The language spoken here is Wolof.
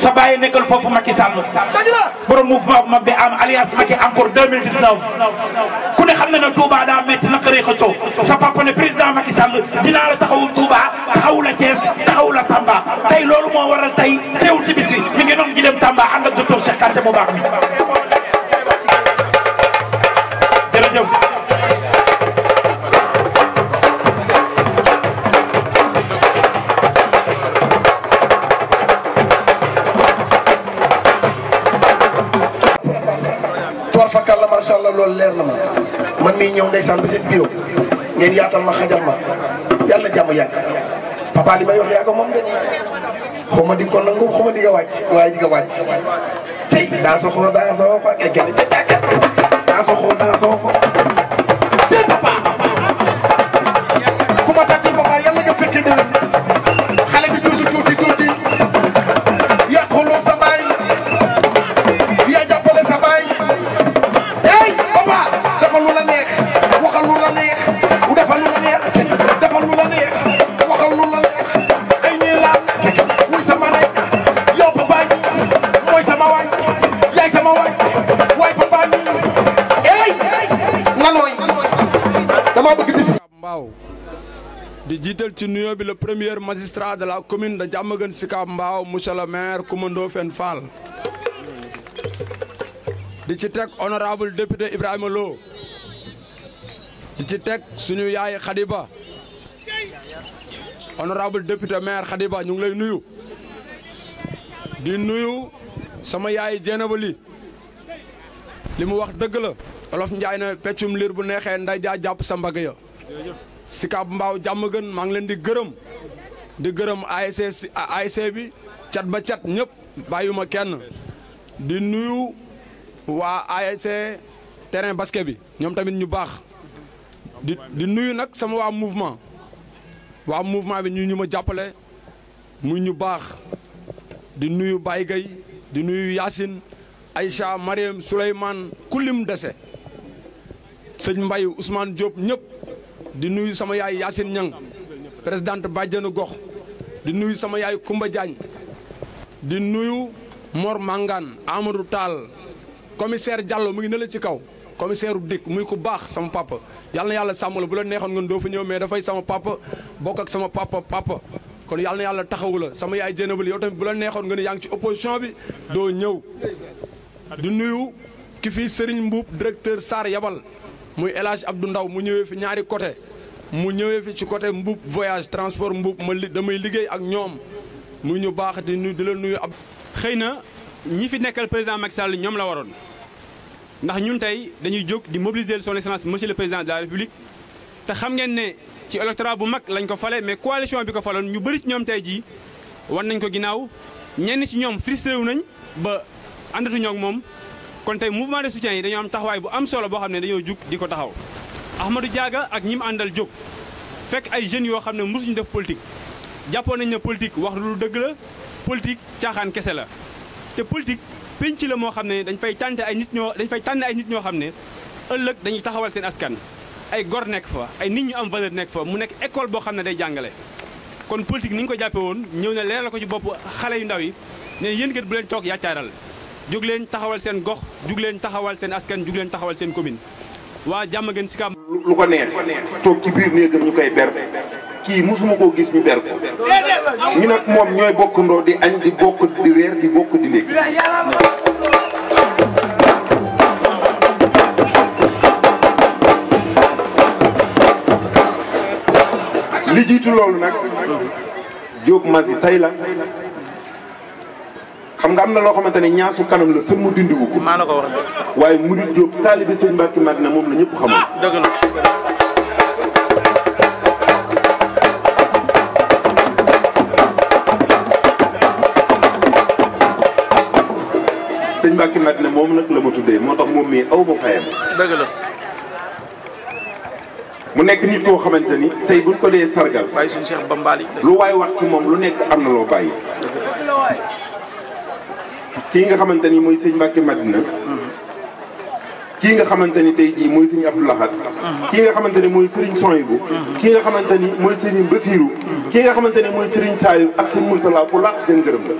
sa bàyyi nekkal foofu Macky Sall borom mouvement bu mag bi am alliance Macky encore 2019 ku ne xam na ne Touba daa métti naqaree xëccoo sa papa ne président Macky Sall dinaa la taxawu Touba taxawu la Thiès la Tamba tey loolu moo waral tey teewul ci bis yi mi ngi noonu ñu dem Tamba ànd ak docteur Cheikh Kanté mu baax macha allah loolu leer na ma man mii ñëw ndeysaan ba seen bureau ngeen yaatal ma xajal ma yàlla jàmm yàgg papa li may wax yaa ko moom de xaw ma di ko nangu xaw ma di nga wàcc waaye di nga wàcc. tey daa soxla daa soxla ak ay gerte daa waxal lu la neex waxal lu la neex defal lu la neex defal lu la neex waxal lu la neex ay ñi laal muy sama nay yow papa ji mooy sama waay yaay sama waay waay papa ji ey nanooy dama bëgg bis mbaaw di jiital ci nuyoo bi le premier magistrat de la commune de Diamaguène Sicap Mbao monsieur le maire Coumba Ndoffène Fall di ci teg honorable député Ibrahima Lo di ci teg suñu yaay Khadiba honorable député maire Khadiba ñu ngi lay nuyu di nuyu sama yaay Jéenaba li mu wax dëgg olof njaay na peccum liir bu neexee nday jaa jàpp sa mbagg ya Sicap Mbao jàmm gën maa ngi leen di gërëm di gërëm ASC ASC bi cat ba cat ñëpp bàyyuma kenn di nuyu waa ASC terrain basket bi ñoom tamit ñu baax di nuyu nag sama waa mouvement waa mouvement bi ñu ñu ma jàppale mu ñu baax di nuyu baay gay di nuyu Yacine Aïcha Mariam Souleymane kulim dese sëñ Mbaye Ousmane Diop ñëpp di nuyu sama yaay Yacine Niang présidente bàjjenu gox di nuyu sama yaay Kumba Diagne di nuyu Mor Mangane Amadou Tall commissaire Diallo mu ngi ne ci kaw commissaire u dikk muy ku baax sama papa yàlla na yàlla sàmm la bu la neexoon ngeen doo fa ñëw mais dafay sama papa bokk ak sama papa papa kon yàlla na yàlla taxawu la sama yaay jénabal yow tamit bu la neexoon nga ne yaa ngi ci opposition bi doo ñëw du nuyu ki fi Serigne Mbuub directeur Sarr yabal muy El Hadj Abdou Ndaw mu ñëwee fi ñaari côté mu ñëwee fi ci côté Mbuub voyage transport Mbuub ma li damay liggéey ak ñoom mu ñu baax di nuyu di la nuyu ab xëy na ñi fi nekkal président Macky Sall ñoom la waroon ndax ñun tey dañuy jóg di mobiliser son excellence monsieur le président de la république te xam ngeen ne ci électorat bu mag lañ ko fale mais coalition bi ko faloon ñu bëri ci ñoom tey jii wan nañ ko ginnaaw ñenn ci ñoom frustré wu nañ ba àndatuñoo ak moom kon tey mouvement de soutien yi dañoo am taxawaay bu am solo boo xam ne dañoo jug di ko taxaw Ahmadou Diaga ak ñi mu àndal jóg fekk ay jeunes yoo xam ne mosuñu def politique jàppoo nañ ne politique wax lu dëgg la politique caaxaan kese la te politique pénc la moo xam ne dañ fay tànn ay nit ñoo dañ fay tànn ay nit ñoo xam ne ëllëg dañuy taxawal seen askan ay gor nekk fa ay nit ñu am valeur nekk fa mu nekk école boo xam ne day jàngale kon politique ni ñu ko jàppe woon ñëw na leeral ko ci bopp xale yu ndaw yi ne yéen kat bu leen toog yaccaaral jug leen taxawal seen gox jug leen taxawal seen askan jug leen taxawal seen commune waa jàmm gën si kam lu ko neex toog ci biir néegam ñu koy ber kii mosuma koo gis ñu ber moom ñooy bokkandoo di di bokk di reer di bokk li jiitu loolu nag Diop Massy tey la xam nga am na loo xamante ne ñaasu kanam la sën mu dindiwu ko waaye murid Diop taalibe sëñ Mbàkke Madina moom la ñëpp xamul ah, seigne Mbacke ne mom nak la ma tuddé motax mom mi aw ma fayam. deug la. mu nek nit ko xamanteni tay buñ ko dé sargal. way seigne Cheikh Bambali. lu way wax ci mom lu nek am na loo bàyyi. kii nga xamanteni moy seigne Mbacke Madina. ki nga xamanteni tay ji moy seigne Abdou Lahad ki nga xamanteni moy serigne sëriñ Soyibu kii nga xamanteni moy serigne sëriñ ki nga xamanteni moy serigne sëriñ ak sëñ Murtala ku laq seen gërëm la